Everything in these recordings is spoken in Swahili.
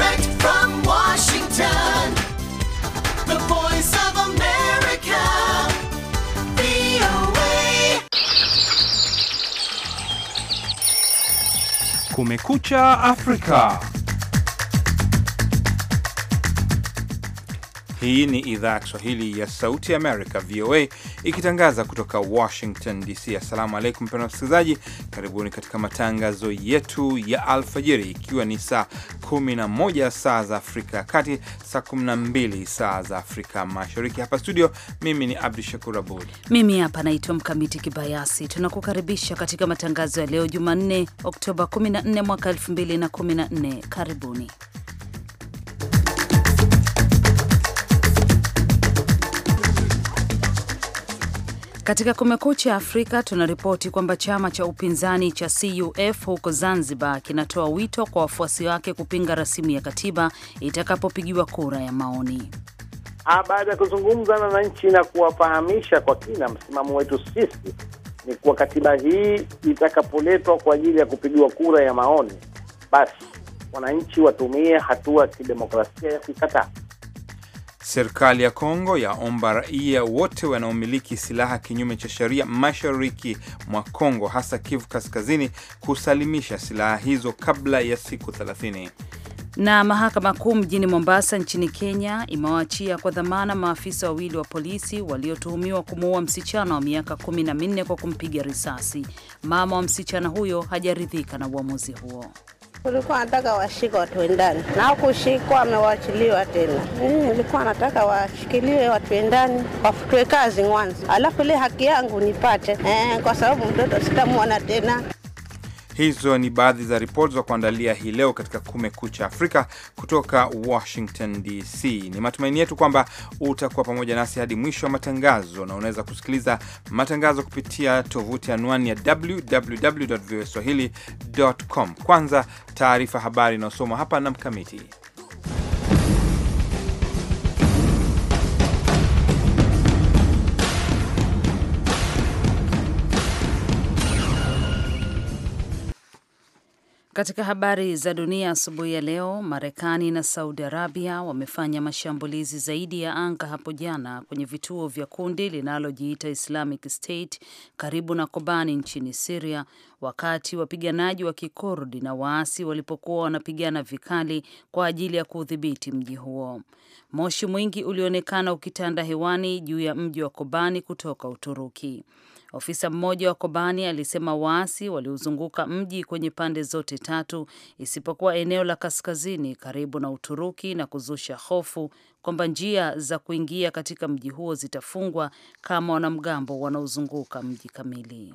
Direct from Washington, the voice of America, VOA. Kumekucha Afrika. Hii ni idhaa ya Kiswahili ya Sauti ya Amerika, VOA ikitangaza kutoka Washington DC. Assalamu alaikum mpendwa msikilizaji, karibuni katika matangazo yetu ya alfajiri, ikiwa ni saa 11 saa za Afrika ya Kati, saa 12 saa za Afrika Mashariki. Hapa studio, mimi ni Abdu Shakur Abud, mimi hapa naitwa Mkamiti Kibayasi. Tunakukaribisha katika matangazo ya leo Jumanne, Oktoba 14 mwaka 2014. Karibuni. Katika Kumekucha Afrika tunaripoti kwamba chama cha upinzani cha CUF huko Zanzibar kinatoa wito kwa wafuasi wake kupinga rasimu ya katiba itakapopigiwa kura ya maoni. Ah, baada ya kuzungumza na wananchi na kuwafahamisha kwa kina msimamo wetu sisi ni kuwa katiba hii itakapoletwa kwa ajili ya kupigiwa kura ya maoni, basi wananchi watumie hatua ya kidemokrasia ya kuikataa. Serikali ya Kongo yaomba raia wote wanaomiliki silaha kinyume cha sheria mashariki mwa Kongo, hasa Kivu Kaskazini, kusalimisha silaha hizo kabla ya siku 30. Na mahakama kuu mjini Mombasa nchini Kenya imewaachia kwa dhamana maafisa wawili wa polisi waliotuhumiwa kumuua msichana wa miaka kumi na minne kwa kumpiga risasi. Mama wa msichana huyo hajaridhika na uamuzi huo. Ulikuwa anataka washika watu wendani na hakushikwa, amewachiliwa tena. Nilikuwa eh, nataka washikiliwe watu wendani, wafutwe kazi mwanzo, alafu ile haki yangu nipate eh, kwa sababu mtoto sitamwona tena. Hizo ni baadhi za ripoti za kuandalia hii leo katika Kumekucha Afrika kutoka Washington DC. Ni matumaini yetu kwamba utakuwa pamoja nasi hadi mwisho wa matangazo, na unaweza kusikiliza matangazo kupitia tovuti anwani ya www voaswahili com. Kwanza taarifa habari inayosomwa hapa na Mkamiti. Katika habari za dunia asubuhi ya leo, Marekani na Saudi Arabia wamefanya mashambulizi zaidi ya anga hapo jana kwenye vituo vya kundi linalojiita Islamic State karibu na Kobani nchini Siria, wakati wapiganaji wa Kikurdi na waasi walipokuwa wanapigana vikali kwa ajili ya kuudhibiti mji huo. Moshi mwingi ulionekana ukitanda hewani juu ya mji wa Kobani kutoka Uturuki. Ofisa mmoja wa Kobani alisema waasi waliuzunguka mji kwenye pande zote tatu isipokuwa eneo la kaskazini karibu na Uturuki na kuzusha hofu kwamba njia za kuingia katika mji huo zitafungwa kama wanamgambo wanaozunguka mji kamili.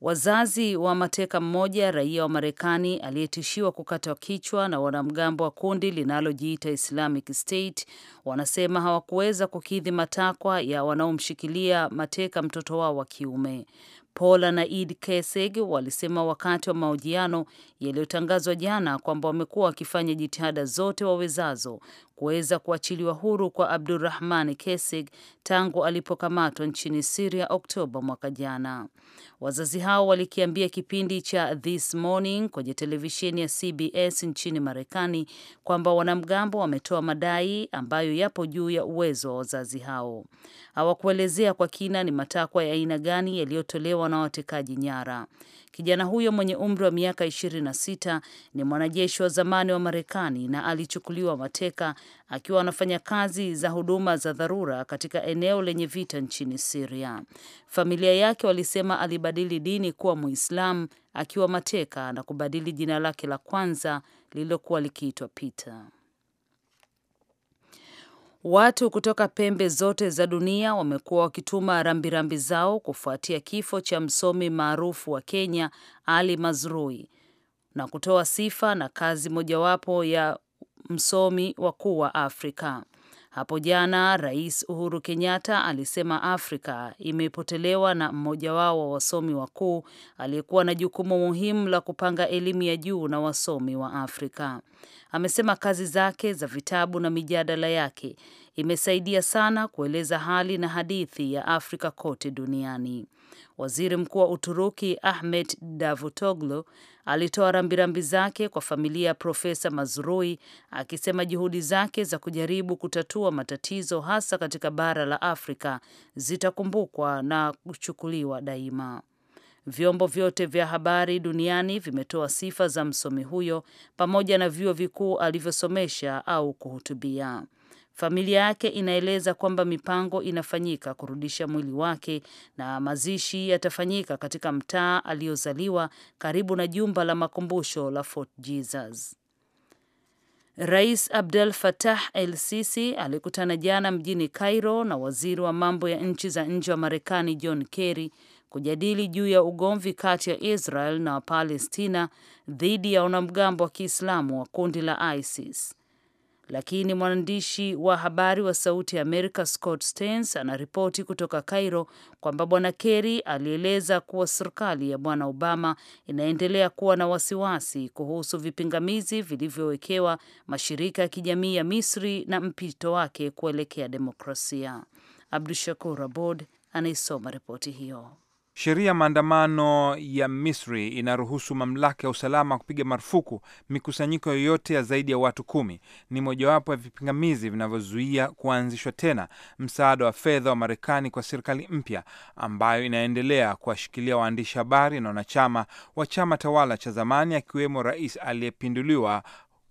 Wazazi wa mateka mmoja raia wa Marekani aliyetishiwa kukatwa kichwa na wanamgambo wa kundi linalojiita Islamic State wanasema hawakuweza kukidhi matakwa ya wanaomshikilia mateka mtoto wao wa kiume. Paula na Ed Keseg walisema wakati wa mahojiano yaliyotangazwa jana kwamba wamekuwa wakifanya jitihada zote wawezazo kuweza kuachiliwa huru kwa Abdurrahman Kesig tangu alipokamatwa nchini Siria Oktoba mwaka jana. Wazazi hao walikiambia kipindi cha This Morning kwenye televisheni ya CBS nchini Marekani kwamba wanamgambo wametoa madai ambayo yapo juu ya uwezo wa wazazi hao. Hawakuelezea kwa kina ni matakwa ya aina gani yaliyotolewa na watekaji nyara. Kijana huyo mwenye umri wa miaka 26 ni mwanajeshi wa zamani wa Marekani na alichukuliwa mateka akiwa anafanya kazi za huduma za dharura katika eneo lenye vita nchini Syria. Familia yake walisema alibadili dini kuwa Muislamu akiwa mateka na kubadili jina lake la kwanza lililokuwa likiitwa Peter. Watu kutoka pembe zote za dunia wamekuwa wakituma rambirambi zao kufuatia kifo cha msomi maarufu wa Kenya Ali Mazrui na kutoa sifa na kazi mojawapo ya msomi wakuu wa Afrika. Hapo jana Rais Uhuru Kenyatta alisema Afrika imepotelewa na mmoja wao wa wasomi wakuu aliyekuwa na jukumu muhimu la kupanga elimu ya juu na wasomi wa Afrika. Amesema kazi zake za vitabu na mijadala yake imesaidia sana kueleza hali na hadithi ya Afrika kote duniani. Waziri Mkuu wa Uturuki Ahmed Davutoglu alitoa rambirambi zake kwa familia ya Profesa Mazrui akisema juhudi zake za kujaribu kutatua matatizo hasa katika bara la Afrika zitakumbukwa na kuchukuliwa daima. Vyombo vyote vya habari duniani vimetoa sifa za msomi huyo pamoja na vyuo vikuu alivyosomesha au kuhutubia. Familia yake inaeleza kwamba mipango inafanyika kurudisha mwili wake na mazishi yatafanyika katika mtaa aliyozaliwa karibu na jumba la makumbusho la Fort Jesus. Rais Abdel Fattah El Sisi alikutana jana mjini Cairo na waziri wa mambo ya nchi za nje wa Marekani John Kerry kujadili juu ya ugomvi kati ya Israel na Wapalestina dhidi ya wanamgambo wa Kiislamu wa kundi la ISIS lakini mwandishi wa habari wa Sauti ya Amerika Scott Stens anaripoti kutoka Cairo kwamba Bwana Kerry alieleza kuwa serikali ya Bwana Obama inaendelea kuwa na wasiwasi kuhusu vipingamizi vilivyowekewa mashirika ya kijamii ya Misri na mpito wake kuelekea demokrasia. Abdu Shakur Abod anaisoma ripoti hiyo. Sheria ya maandamano ya Misri inaruhusu mamlaka ya usalama kupiga marufuku mikusanyiko yoyote ya zaidi ya watu kumi. Ni mojawapo ya vipingamizi vinavyozuia kuanzishwa tena msaada wa fedha wa Marekani kwa serikali mpya ambayo inaendelea kuwashikilia waandishi habari na wanachama wa chama tawala cha zamani, akiwemo rais aliyepinduliwa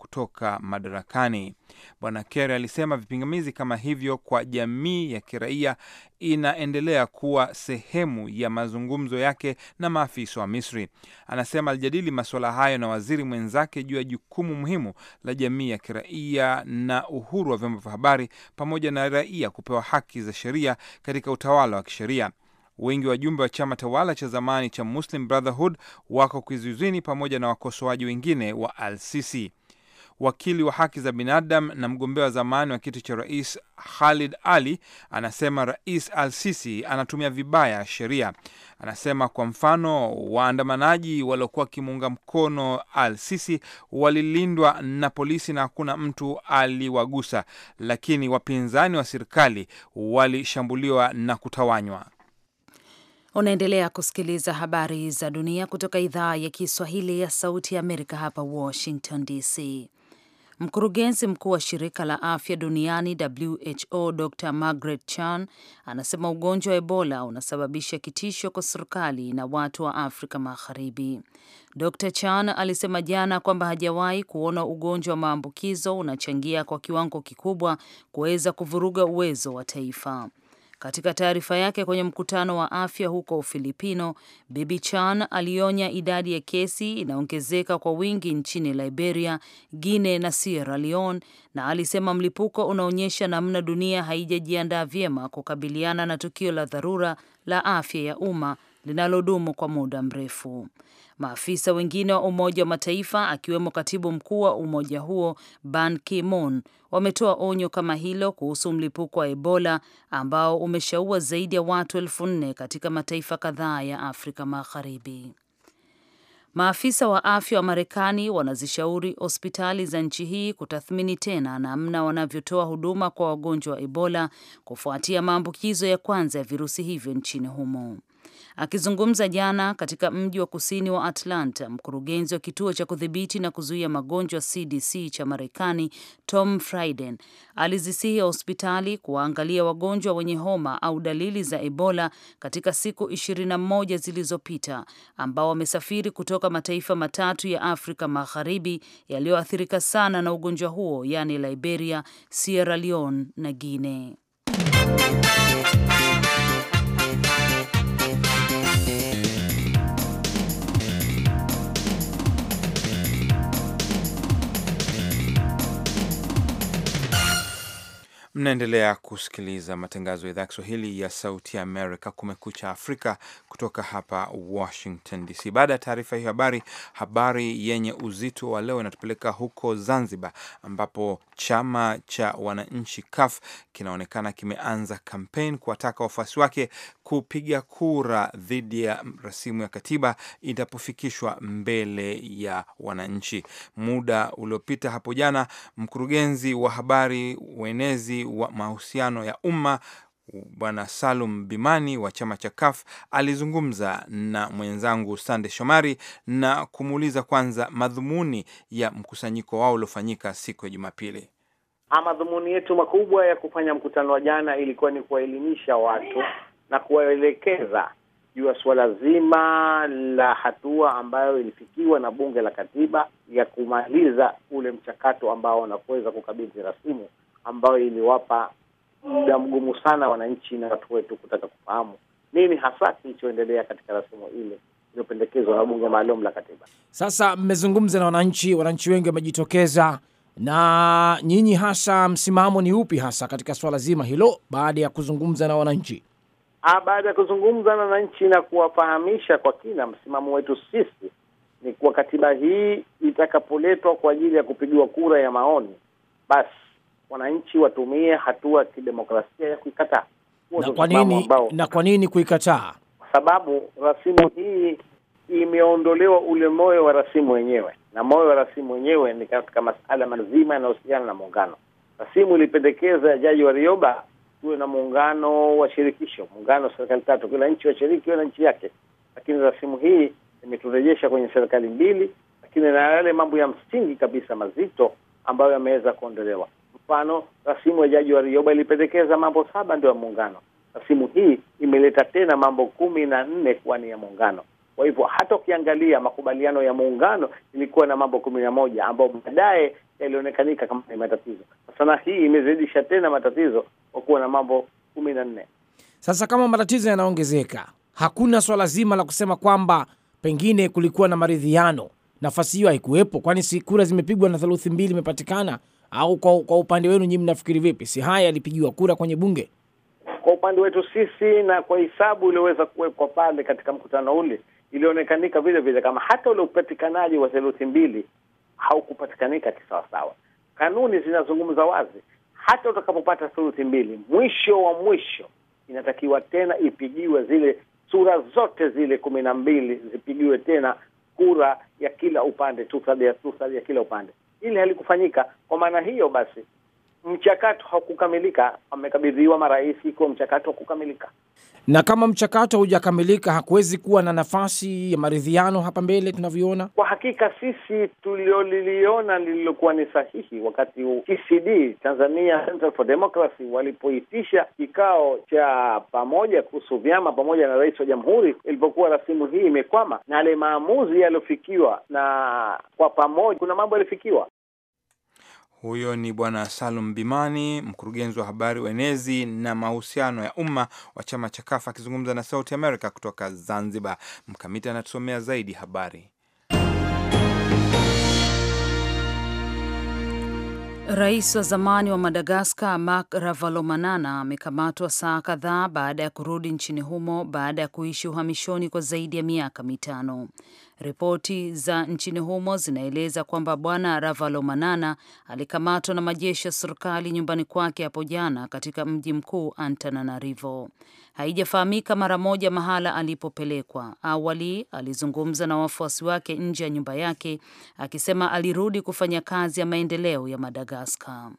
kutoka madarakani. Bwana Kerry alisema vipingamizi kama hivyo kwa jamii ya kiraia inaendelea kuwa sehemu ya mazungumzo yake na maafisa wa Misri. Anasema alijadili masuala hayo na waziri mwenzake juu ya jukumu muhimu la jamii ya kiraia na uhuru wa vyombo vya habari pamoja na raia kupewa haki za sheria katika utawala wa kisheria. Wengi wa jumbe wa chama tawala cha zamani cha Muslim Brotherhood wako kizuizini pamoja na wakosoaji wengine wa Al-Sisi wakili wa haki za binadamu na mgombea wa zamani wa kiti cha rais Khalid Ali anasema Rais al-Sisi anatumia vibaya sheria. Anasema kwa mfano, waandamanaji waliokuwa wakimuunga mkono al-Sisi walilindwa na polisi na hakuna mtu aliwagusa, lakini wapinzani wa serikali walishambuliwa na kutawanywa. Unaendelea kusikiliza habari za dunia kutoka idhaa ya Kiswahili ya Sauti ya Amerika hapa Washington DC. Mkurugenzi mkuu wa shirika la afya duniani WHO, Dr Margaret Chan anasema ugonjwa wa Ebola unasababisha kitisho kwa serikali na watu wa Afrika Magharibi. Dr Chan alisema jana kwamba hajawahi kuona ugonjwa wa maambukizo unachangia kwa kiwango kikubwa kuweza kuvuruga uwezo wa taifa. Katika taarifa yake kwenye mkutano wa afya huko Ufilipino, Bibi Chan alionya idadi ya kesi inaongezeka kwa wingi nchini Liberia, Guinea na Sierra Leone, na alisema mlipuko unaonyesha namna dunia haijajiandaa vyema kukabiliana na tukio la dharura la afya ya umma linalodumu kwa muda mrefu. Maafisa wengine wa Umoja wa Mataifa akiwemo katibu mkuu wa umoja huo Ban Ki-moon wametoa onyo kama hilo kuhusu mlipuko wa Ebola ambao umeshaua zaidi ya watu elfu nne katika mataifa kadhaa ya Afrika Magharibi. Maafisa wa afya wa Marekani wanazishauri hospitali za nchi hii kutathmini tena namna wanavyotoa huduma kwa wagonjwa wa Ebola kufuatia maambukizo ya kwanza ya virusi hivyo nchini humo. Akizungumza jana katika mji wa kusini wa Atlanta, mkurugenzi wa kituo cha kudhibiti na kuzuia magonjwa CDC cha Marekani, Tom Frieden, alizisihi hospitali kuwaangalia wagonjwa wenye homa au dalili za Ebola katika siku 21 zilizopita ambao wamesafiri kutoka mataifa matatu ya Afrika Magharibi yaliyoathirika sana na ugonjwa huo, yaani Liberia, Sierra Leone na Guinea. Mnaendelea kusikiliza matangazo ya idhaa ya Kiswahili ya Sauti ya Amerika, Kumekucha Afrika, kutoka hapa Washington DC. Baada ya taarifa hiyo habari, habari yenye uzito wa leo inatupeleka huko Zanzibar, ambapo chama cha wananchi CUF kinaonekana kimeanza kampeni kuwataka wafuasi wake kupiga kura dhidi ya rasimu ya katiba itapofikishwa mbele ya wananchi. Muda uliopita hapo jana, mkurugenzi wa habari wenezi wa mahusiano ya umma Bwana Salum Bimani wa chama cha KAF alizungumza na mwenzangu Sande Shomari na kumuuliza kwanza madhumuni ya mkusanyiko wao uliofanyika siku ya Jumapili. Ah, madhumuni yetu makubwa ya kufanya mkutano wa jana ilikuwa ni kuwaelimisha watu na kuwaelekeza juu ya suala zima la hatua ambayo ilifikiwa na Bunge la Katiba ya kumaliza ule mchakato ambao wanakuweza kukabidhi rasimu ambayo iliwapa muda mgumu sana wananchi na watu wetu kutaka kufahamu nini hasa kilichoendelea katika rasimu ile iliyopendekezwa na bunge maalum la katiba. Sasa mmezungumza na wananchi, wananchi wengi wamejitokeza, na nyinyi hasa msimamo ni upi hasa katika swala zima hilo, baada ya kuzungumza na wananchi? Ah, baada ya kuzungumza na wananchi na kuwafahamisha kwa kina, msimamo wetu sisi ni kuwa katiba hii itakapoletwa kwa ajili ya kupigiwa kura ya maoni, basi wananchi watumie hatua kidemokrasia ya kuikataa. Na kwa nini, na kwa nini kuikataa? Kwa sababu rasimu hii imeondolewa ule moyo wa rasimu wenyewe, na moyo wa rasimu wenyewe ni katika masala mazima yanayohusiana na muungano. Rasimu ilipendekeza Jaji wa rioba tuwe na muungano wa shirikisho, muungano wa serikali tatu, kila nchi washiriki na nchi yake, lakini rasimu hii imeturejesha kwenye serikali mbili, lakini na yale mambo ya msingi kabisa mazito ambayo yameweza kuondolewa. Mfano, rasimu ya Jaji wa rioba ilipendekeza mambo saba ndio ya muungano. Rasimu hii imeleta tena mambo kumi na nne kuwa ni ya muungano. Kwa hivyo hata ukiangalia makubaliano ya muungano ilikuwa na mambo kumi na moja ambayo baadaye yalionekanika kama ni matatizo. na hii imezidisha tena matatizo kwa kuwa na mambo kumi na nne. Sasa kama matatizo yanaongezeka, hakuna swala zima la kusema kwamba pengine kulikuwa na maridhiano. Nafasi hiyo haikuwepo, kwani si kura zimepigwa na theluthi mbili imepatikana au kwa, kwa upande wenu nyinyi mnafikiri vipi? Si haya yalipigiwa kura kwenye bunge? Kwa upande wetu sisi na kwa hisabu iliyoweza kuwekwa pale katika mkutano ule, ilionekanika vile vile kama hata ule upatikanaji wa theluthi mbili haukupatikanika kisawasawa. Kanuni zinazungumza wazi, hata utakapopata theluthi mbili, mwisho wa mwisho inatakiwa tena ipigiwe zile sura zote zile kumi na mbili zipigiwe tena kura ya kila upande, ya tusadi ya kila upande ili halikufanyika. Kwa maana hiyo basi mchakato haukukamilika, amekabidhiwa marais kuwa mchakato kukamilika na kama mchakato haujakamilika hakuwezi kuwa na nafasi ya maridhiano hapa mbele tunavyoona. Kwa hakika sisi tulioliliona lililokuwa ni sahihi, wakati TCD, e Tanzania Center for Democracy, walipoitisha kikao cha pamoja kuhusu vyama pamoja na rais wa jamhuri, ilipokuwa rasimu hii imekwama na yale maamuzi yaliyofikiwa na kwa pamoja, kuna mambo yalifikiwa huyo ni Bwana Salum Bimani, mkurugenzi wa habari uenezi na mahusiano ya umma wa chama cha Kafu, akizungumza na Sauti Amerika kutoka Zanzibar. Mkamiti anatusomea zaidi habari. Rais wa zamani wa Madagaskar Marc Ravalomanana amekamatwa saa kadhaa baada ya kurudi nchini humo baada ya kuishi uhamishoni kwa zaidi ya miaka mitano. Ripoti za nchini humo zinaeleza kwamba Bwana Ravalomanana alikamatwa na majeshi ya serikali nyumbani kwake hapo jana katika mji mkuu Antananarivo. Haijafahamika mara moja mahala alipopelekwa. Awali alizungumza na wafuasi wake nje ya nyumba yake akisema alirudi kufanya kazi ya maendeleo ya Madagaskar.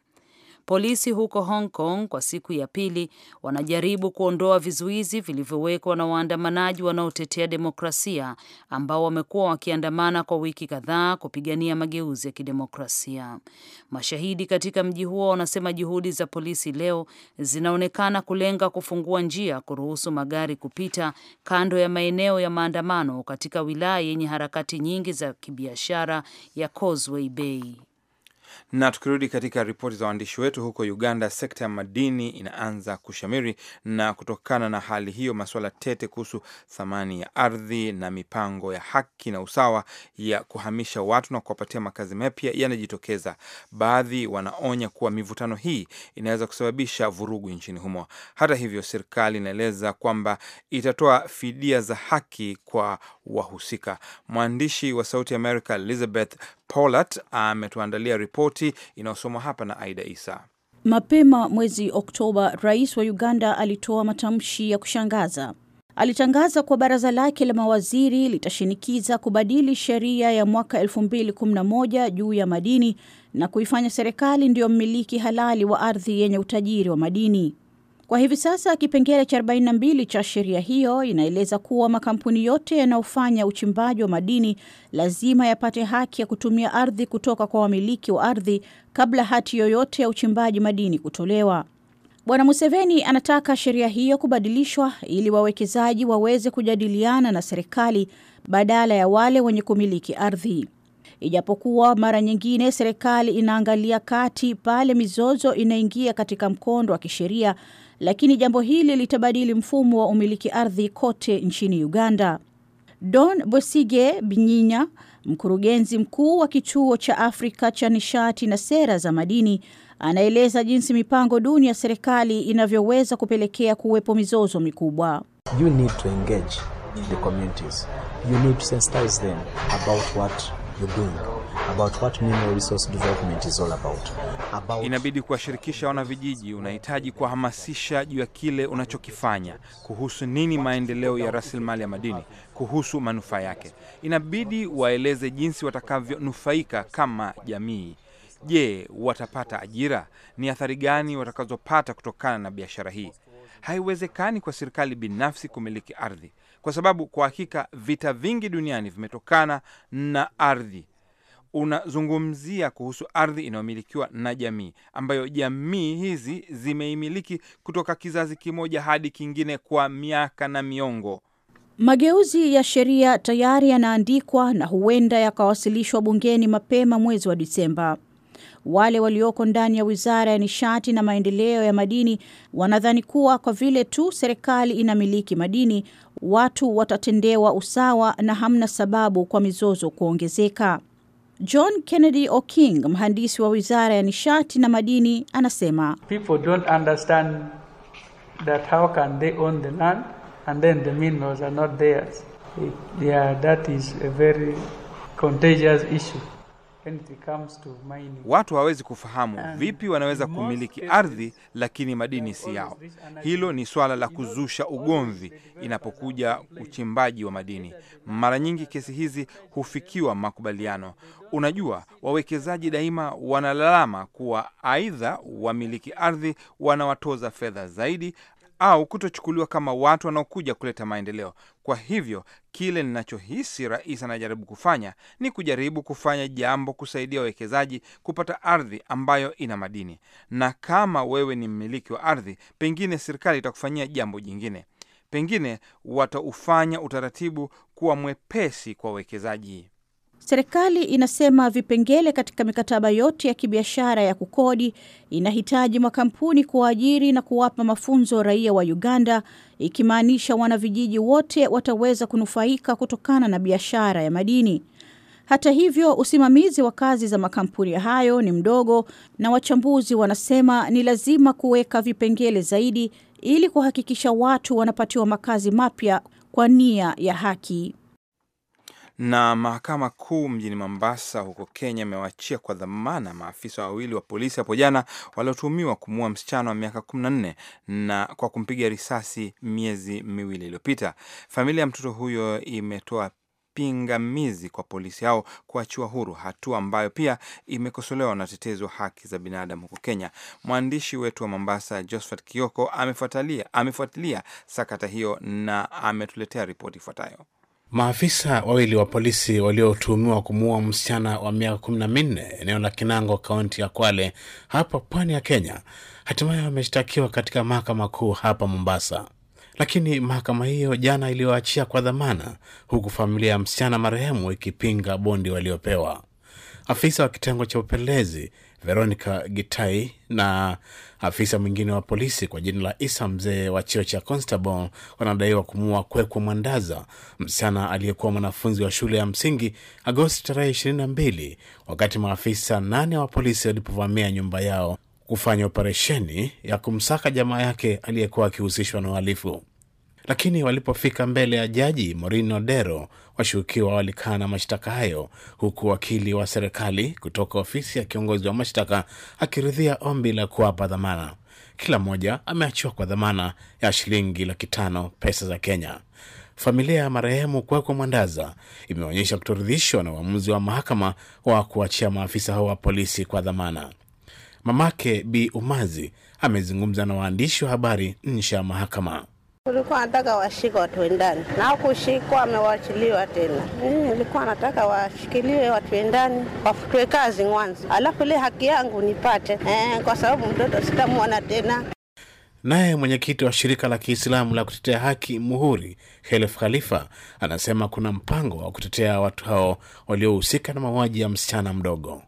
Polisi huko Hong Kong kwa siku ya pili wanajaribu kuondoa vizuizi vilivyowekwa na waandamanaji wanaotetea demokrasia ambao wamekuwa wakiandamana kwa wiki kadhaa kupigania mageuzi ya kidemokrasia. Mashahidi katika mji huo wanasema juhudi za polisi leo zinaonekana kulenga kufungua njia kuruhusu magari kupita kando ya maeneo ya maandamano katika wilaya yenye harakati nyingi za kibiashara ya Causeway Bay. Na tukirudi katika ripoti za waandishi wetu huko Uganda, sekta ya madini inaanza kushamiri, na kutokana na hali hiyo, masuala tete kuhusu thamani ya ardhi na mipango ya haki na usawa ya kuhamisha watu na kuwapatia makazi mapya yanajitokeza. Baadhi wanaonya kuwa mivutano hii inaweza kusababisha vurugu nchini humo. Hata hivyo, serikali inaeleza kwamba itatoa fidia za haki kwa wahusika. Mwandishi wa Sauti America Elizabeth Polat ametuandalia ripoti inayosomwa hapa na Aida Isa. Mapema mwezi Oktoba, rais wa Uganda alitoa matamshi ya kushangaza. Alitangaza kuwa baraza lake la mawaziri litashinikiza kubadili sheria ya mwaka 2011 juu ya madini na kuifanya serikali ndiyo mmiliki halali wa ardhi yenye utajiri wa madini. Kwa hivi sasa kipengele cha 42 cha sheria hiyo inaeleza kuwa makampuni yote yanayofanya uchimbaji wa madini lazima yapate haki ya kutumia ardhi kutoka kwa wamiliki wa ardhi kabla hati yoyote ya uchimbaji madini kutolewa. Bwana Museveni anataka sheria hiyo kubadilishwa ili wawekezaji waweze kujadiliana na serikali badala ya wale wenye kumiliki ardhi. Ijapokuwa mara nyingine serikali inaangalia kati pale mizozo inaingia katika mkondo wa kisheria lakini jambo hili litabadili mfumo wa umiliki ardhi kote nchini Uganda. Don Bosige Binyinya, mkurugenzi mkuu wa kituo cha Afrika cha nishati na sera za madini, anaeleza jinsi mipango duni ya serikali inavyoweza kupelekea kuwepo mizozo mikubwa. You need to engage the communities. You need to sensitize them about what you're doing about what mineral resource development is all about. About... inabidi kuwashirikisha wanavijiji, unahitaji kuwahamasisha juu ya kile unachokifanya, kuhusu nini maendeleo ya rasilimali ya madini, kuhusu manufaa yake. Inabidi waeleze jinsi watakavyonufaika kama jamii. Je, watapata ajira? Ni athari gani watakazopata kutokana na biashara hii? Haiwezekani kwa serikali binafsi kumiliki ardhi, kwa sababu kwa hakika vita vingi duniani vimetokana na ardhi unazungumzia kuhusu ardhi inayomilikiwa na jamii ambayo jamii hizi zimeimiliki kutoka kizazi kimoja hadi kingine kwa miaka na miongo. Mageuzi ya sheria tayari yanaandikwa na huenda yakawasilishwa bungeni mapema mwezi wa Disemba. Wale walioko ndani ya wizara ya nishati na maendeleo ya madini wanadhani kuwa kwa vile tu serikali inamiliki madini, watu watatendewa usawa na hamna sababu kwa mizozo kuongezeka. John Kennedy Oking, mhandisi wa wizara ya nishati na madini, anasema people don't understand that how can they own the land and then the minerals are not theirs. yeah, that is a very contagious issue. Watu hawawezi kufahamu vipi wanaweza kumiliki ardhi lakini madini si yao. Hilo ni swala la kuzusha ugomvi inapokuja uchimbaji wa madini. Mara nyingi kesi hizi hufikiwa makubaliano. Unajua, wawekezaji daima wanalalama kuwa aidha wamiliki ardhi wanawatoza fedha zaidi au kutochukuliwa kama watu wanaokuja kuleta maendeleo. Kwa hivyo kile ninachohisi rais anajaribu kufanya ni kujaribu kufanya jambo kusaidia wawekezaji kupata ardhi ambayo ina madini, na kama wewe ni mmiliki wa ardhi, pengine serikali itakufanyia jambo jingine, pengine wataufanya utaratibu kuwa mwepesi kwa wawekezaji. Serikali inasema vipengele katika mikataba yote ya kibiashara ya kukodi inahitaji makampuni kuwaajiri na kuwapa mafunzo raia wa Uganda, ikimaanisha wanavijiji wote wataweza kunufaika kutokana na biashara ya madini. Hata hivyo, usimamizi wa kazi za makampuni hayo ni mdogo, na wachambuzi wanasema ni lazima kuweka vipengele zaidi ili kuhakikisha watu wanapatiwa makazi mapya kwa nia ya haki. Na mahakama kuu mjini Mombasa huko Kenya imewachia kwa dhamana maafisa wawili wa polisi hapo jana waliotuhumiwa kumuua msichana wa miaka 14 na kwa kumpiga risasi miezi miwili iliyopita. Familia ya mtoto huyo imetoa pingamizi kwa polisi hao kuachiwa huru, hatua ambayo pia imekosolewa na watetezi wa haki za binadamu huko Kenya. Mwandishi wetu wa Mombasa, Josephat Kioko, amefuatilia sakata hiyo na ametuletea ripoti ifuatayo. Maafisa wawili wa polisi waliotuhumiwa kumuua msichana wa miaka kumi na minne eneo la Kinango, kaunti ya Kwale hapa pwani ya Kenya, hatimaye wameshtakiwa katika mahakama kuu hapa Mombasa. Lakini mahakama hiyo jana iliyoachia kwa dhamana, huku familia ya msichana marehemu ikipinga bondi waliopewa. Afisa wa kitengo cha upelelezi Veronica Gitai na afisa mwingine wa polisi kwa jina la Isa, mzee wa cheo cha constable, wanadaiwa kumua kwekwa Mwandaza, msichana aliyekuwa mwanafunzi wa shule ya msingi Agosti tarehe 22, wakati maafisa nane wa polisi walipovamia nyumba yao kufanya operesheni ya kumsaka jamaa yake aliyekuwa akihusishwa na uhalifu. Lakini walipofika mbele ya jaji Morino Dero Washukiwa walikana mashtaka hayo, huku wakili wa serikali kutoka ofisi ya kiongozi wa mashtaka akiridhia ombi la kuwapa dhamana. Kila mmoja ameachiwa kwa dhamana ya shilingi laki tano pesa za Kenya. Familia ya marehemu kuwekwa Mwandaza imeonyesha kutoridhishwa na uamuzi wa mahakama wa kuachia maafisa hao wa polisi kwa dhamana. Mamake Bi Umazi amezungumza na waandishi wa habari nje ya mahakama. Kulikuwa nataka washika watu wendani na hakushikwa, amewachiliwa tena. Nilikuwa eh, nataka washikiliwe watu wendani, wafutwe kazi mwanzo, alafu ile haki yangu nipate eh, kwa sababu mtoto sitamwona tena. Naye mwenyekiti wa shirika la Kiislamu la kutetea haki Muhuri, Khelef Khalifa, anasema kuna mpango wa kutetea watu hao waliohusika na mauaji ya msichana mdogo.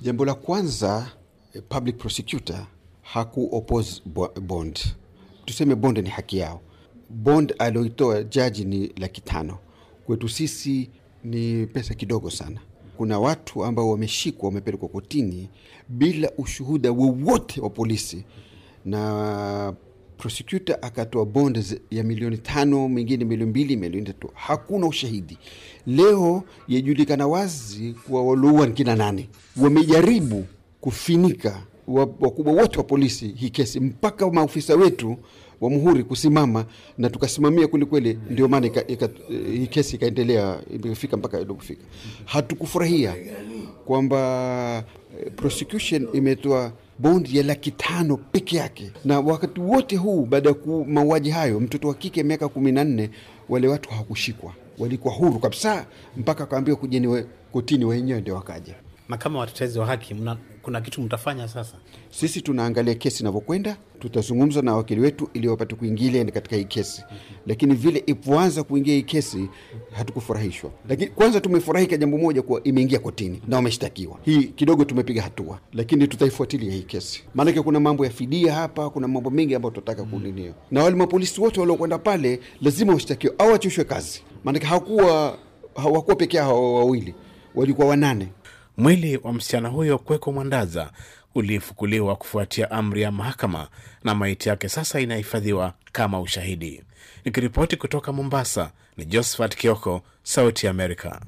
Jambo la kwanza, eh, public prosecutor haku oppose bond tuseme bonde ni haki yao. Bond alioitoa jaji ni laki tano, kwetu sisi ni pesa kidogo sana. Kuna watu ambao wameshikwa wamepelekwa kotini bila ushuhuda wowote wa polisi, na prosecutor akatoa bond ya milioni tano, mingine milioni mbili, milioni tatu. Hakuna ushahidi. Leo yajulikana wazi kuwa walioua ni kina nane. Wamejaribu kufinika wakubwa wote wa polisi hii kesi, mpaka maofisa wetu wa muhuri kusimama na tukasimamia kweli kweli. Ndio maana eh, hii kesi ikaendelea imefika mpaka ilikofika. Hatukufurahia kwamba eh, prosecution imetoa bondi ya laki tano peke yake, na wakati wote huu baada ya mauaji hayo, mtoto wa kike miaka kumi na nne, wale watu hawakushikwa, walikuwa huru kabisa mpaka akaambiwa kujeni kotini wenyewe ndio wakaja makama watetezi wa haki mna, kuna kitu mtafanya sasa? Sisi tunaangalia kesi inavyokwenda, tutazungumza na wakili wetu ili wapate kuingilia katika hii kesi mm -hmm. Lakini vile ipoanza kuingia hii kesi hatukufurahishwa, lakini kwanza tumefurahika jambo moja kuwa imeingia kotini na wameshtakiwa. Hii kidogo tumepiga hatua, lakini tutaifuatilia hii kesi, maanake kuna mambo ya fidia hapa, kuna mambo mengi ambayo tunataka kuninio mm -hmm. Na wale mapolisi wote waliokwenda pale lazima washtakiwe au wachushwe kazi, maanake hawakuwa peke yao wawili, walikuwa wanane. Mwili wa msichana huyo kuwekwa Mwandaza ulifukuliwa kufuatia amri ya mahakama na maiti yake sasa inahifadhiwa kama ushahidi. Nikiripoti kutoka Mombasa ni Josephat Kioko, Sauti Amerika.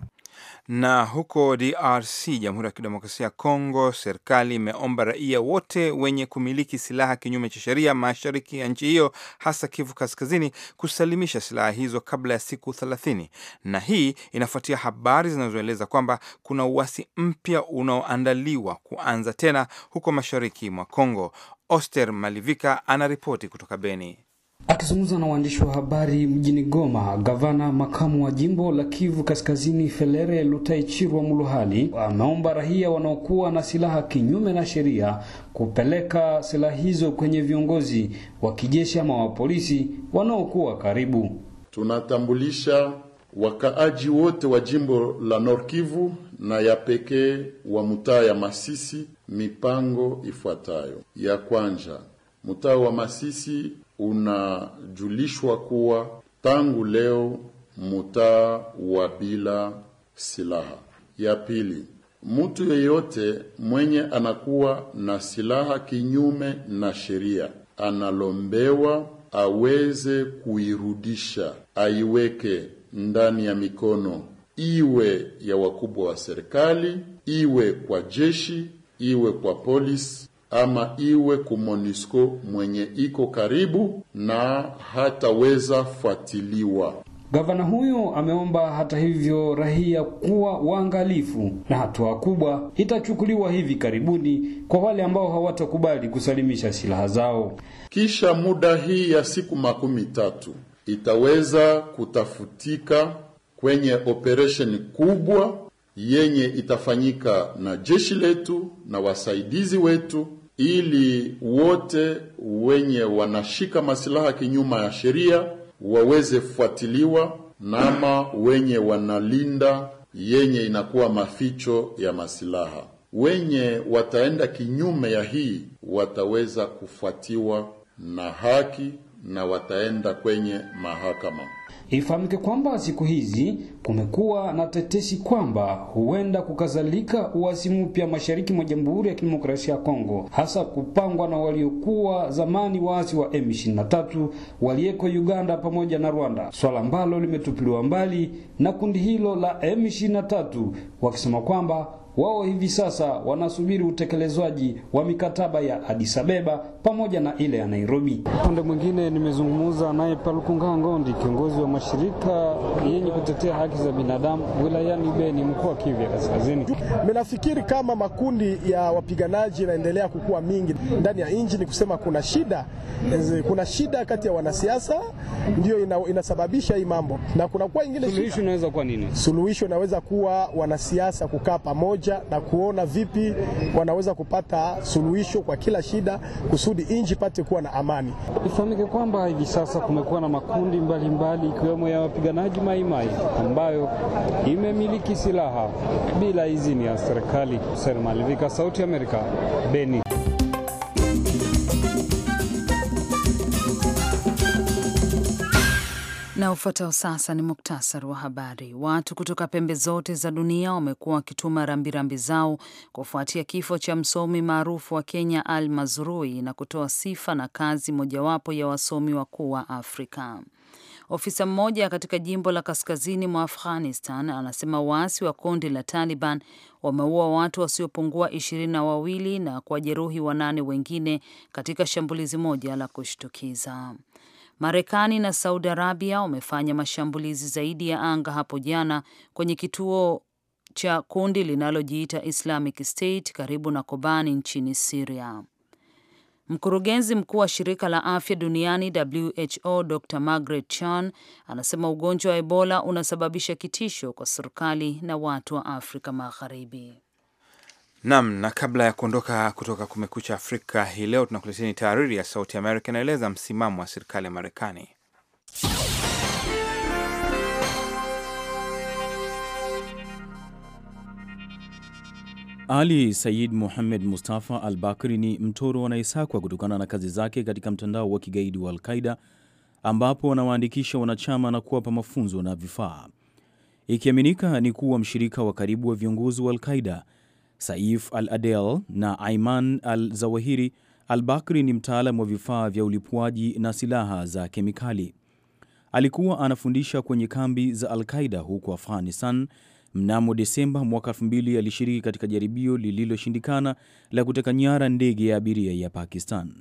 Na huko DRC, Jamhuri ya Kidemokrasia ya Kongo, serikali imeomba raia wote wenye kumiliki silaha kinyume cha sheria mashariki ya nchi hiyo, hasa Kivu Kaskazini, kusalimisha silaha hizo kabla ya siku 30. Na hii inafuatia habari zinazoeleza kwamba kuna uasi mpya unaoandaliwa kuanza tena huko mashariki mwa Kongo. Oster Malivika anaripoti kutoka Beni. Akizungumza na waandishi wa habari mjini Goma, gavana makamu wa jimbo la Kivu Kaskazini Felere lutai chirwa Muluhali ameomba raia wanaokuwa na silaha kinyume na sheria kupeleka silaha hizo kwenye viongozi wa kijeshi ama wa polisi wanaokuwa karibu. Tunatambulisha wakaaji wote wa jimbo la Nord Kivu na ya pekee wa mtaa ya Masisi mipango ifuatayo. Ya kwanza, mtaa wa Masisi unajulishwa kuwa tangu leo mutaa wa bila silaha. Ya pili, mtu yeyote mwenye anakuwa na silaha kinyume na sheria analombewa aweze kuirudisha, aiweke ndani ya mikono iwe ya wakubwa wa serikali, iwe kwa jeshi, iwe kwa polisi ama iwe kuMONUSCO mwenye iko karibu na hataweza fuatiliwa. Gavana huyo ameomba hata hivyo rahia kuwa waangalifu na hatua kubwa itachukuliwa hivi karibuni kwa wale ambao hawatakubali kusalimisha silaha zao. Kisha muda hii ya siku makumi tatu itaweza kutafutika kwenye operesheni kubwa yenye itafanyika na jeshi letu na wasaidizi wetu, ili wote wenye wanashika masilaha kinyuma ya sheria waweze fuatiliwa, na ama wenye wanalinda yenye inakuwa maficho ya masilaha wenye wataenda kinyume ya hii wataweza kufuatiwa na haki na wataenda kwenye mahakama. Ifahamike kwamba siku hizi kumekuwa na tetesi kwamba huenda kukazalika uasi mpya mashariki mwa Jamhuri ya Kidemokrasia ya Kongo, hasa kupangwa na waliokuwa zamani waasi wa M23 waliyeko Uganda pamoja na Rwanda, swala ambalo limetupiliwa mbali na kundi hilo la M23 wakisema kwamba wao hivi sasa wanasubiri utekelezwaji wa mikataba ya Addis Ababa pamoja na ile ya Nairobi. Upande mwingine, nimezungumza naye Palukunga Ngondi, kiongozi wa mashirika yenye kutetea haki za binadamu wilayani Beni, mkoa wa Kivu Kaskazini. Minafikiri kama makundi ya wapiganaji yanaendelea kukua mingi ndani ya nchi, ni kusema kuna shida, eh, kuna shida kati ya wanasiasa, ndio ina, inasababisha hii mambo na kunakuwa ingine. Suluhisho inaweza kuwa nini? Suluhisho inaweza kuwa wanasiasa kukaa pamoja pamoja na kuona vipi wanaweza kupata suluhisho kwa kila shida kusudi nchi ipate kuwa na amani. Ifahamike kwamba hivi sasa kumekuwa na makundi mbalimbali ikiwemo mbali ya wapiganaji Maimai ambayo imemiliki silaha bila idhini ya serikali. Sermalivika, Sauti ya Amerika, Beni. Na ufuatao sasa ni muktasari wa habari. Watu kutoka pembe zote za dunia wamekuwa wakituma rambirambi zao kufuatia kifo cha msomi maarufu wa Kenya Al Mazrui na kutoa sifa na kazi mojawapo ya wasomi wakuu wa Afrika. Ofisa mmoja katika jimbo la kaskazini mwa Afghanistan anasema waasi wa kundi la Taliban wameua watu wasiopungua ishirini na wawili na kuwajeruhi wanane wengine katika shambulizi moja la kushtukiza. Marekani na Saudi Arabia wamefanya mashambulizi zaidi ya anga hapo jana kwenye kituo cha kundi linalojiita Islamic State karibu na Kobani nchini Siria. Mkurugenzi mkuu wa shirika la afya duniani WHO Dr Margaret Chan anasema ugonjwa wa Ebola unasababisha kitisho kwa serikali na watu wa Afrika Magharibi. Nam, na kabla ya kuondoka kutoka Kumekucha Afrika hii leo, tunakuletea ni taariri ya Sauti Amerika inaeleza msimamo wa serikali ya Marekani. Ali said Muhamed Mustafa Al Bakri ni mtoro anayesakwa kutokana na kazi zake katika mtandao wa kigaidi wa Alqaida, ambapo anawaandikisha wanachama na kuwapa mafunzo na vifaa, ikiaminika ni kuwa mshirika wa karibu wa viongozi wa Alqaida Saif Al-Adel na Aiman Al-Zawahiri Al-Bakri ni mtaalam wa vifaa vya ulipuaji na silaha za kemikali. Alikuwa anafundisha kwenye kambi za Al-Qaida huko Afghanistan. Mnamo Desemba mwaka 2000 alishiriki katika jaribio lililoshindikana la kuteka nyara ndege ya abiria ya Pakistan.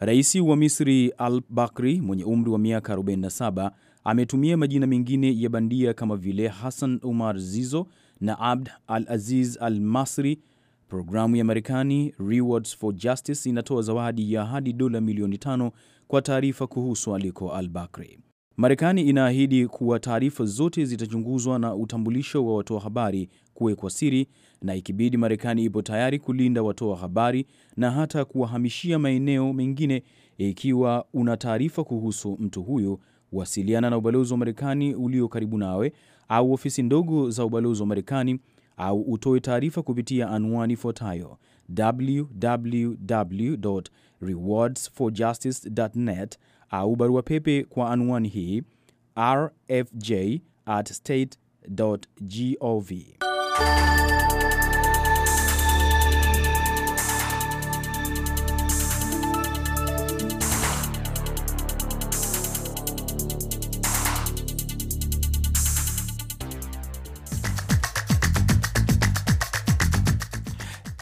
Rais wa Misri Al-Bakri mwenye umri wa miaka 47 ametumia majina mengine ya bandia kama vile Hassan Umar Zizo na Abd al-Aziz al-Masri. Programu ya Marekani Rewards for Justice inatoa zawadi ya hadi dola milioni tano kwa taarifa kuhusu aliko al-Bakri. Marekani inaahidi kuwa taarifa zote zitachunguzwa na utambulisho wa watoa habari kuwekwa siri, na ikibidi, Marekani ipo tayari kulinda watoa habari na hata kuwahamishia maeneo mengine. Ikiwa una taarifa kuhusu mtu huyo wasiliana na ubalozi wa Marekani ulio karibu nawe au ofisi ndogo za ubalozi wa Marekani au utoe taarifa kupitia anwani ifuatayo www.rewardsforjustice.net au barua pepe kwa anwani hii rfj@state.gov.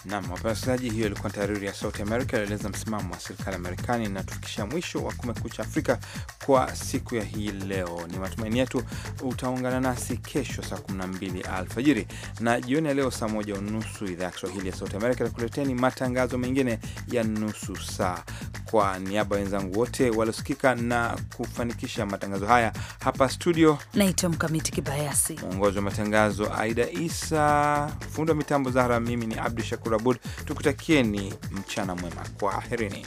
Nam wapasaji, hiyo ilikuwa tahariri ya Sauti Amerika, ilieleza msimamo wa serikali ya Marekani. Na tufikisha mwisho wa Kumekucha Afrika kwa siku ya hii leo. Ni matumaini yetu utaungana nasi kesho saa 12 alfajiri na jioni ya leo saa moja unusu. Idhaa ya Kiswahili ya Sauti Amerika takuleteni matangazo mengine ya nusu saa. Kwa niaba ya wenzangu wote waliosikika na kufanikisha matangazo haya hapa studio, naitwa Mkamiti Kibayasi, mwongozi wa matangazo Aida Isa, fundi wa mitambo Zahra, mimi ni Abdu Shakur Abud. Tukutakieni mchana mwema, kwa herini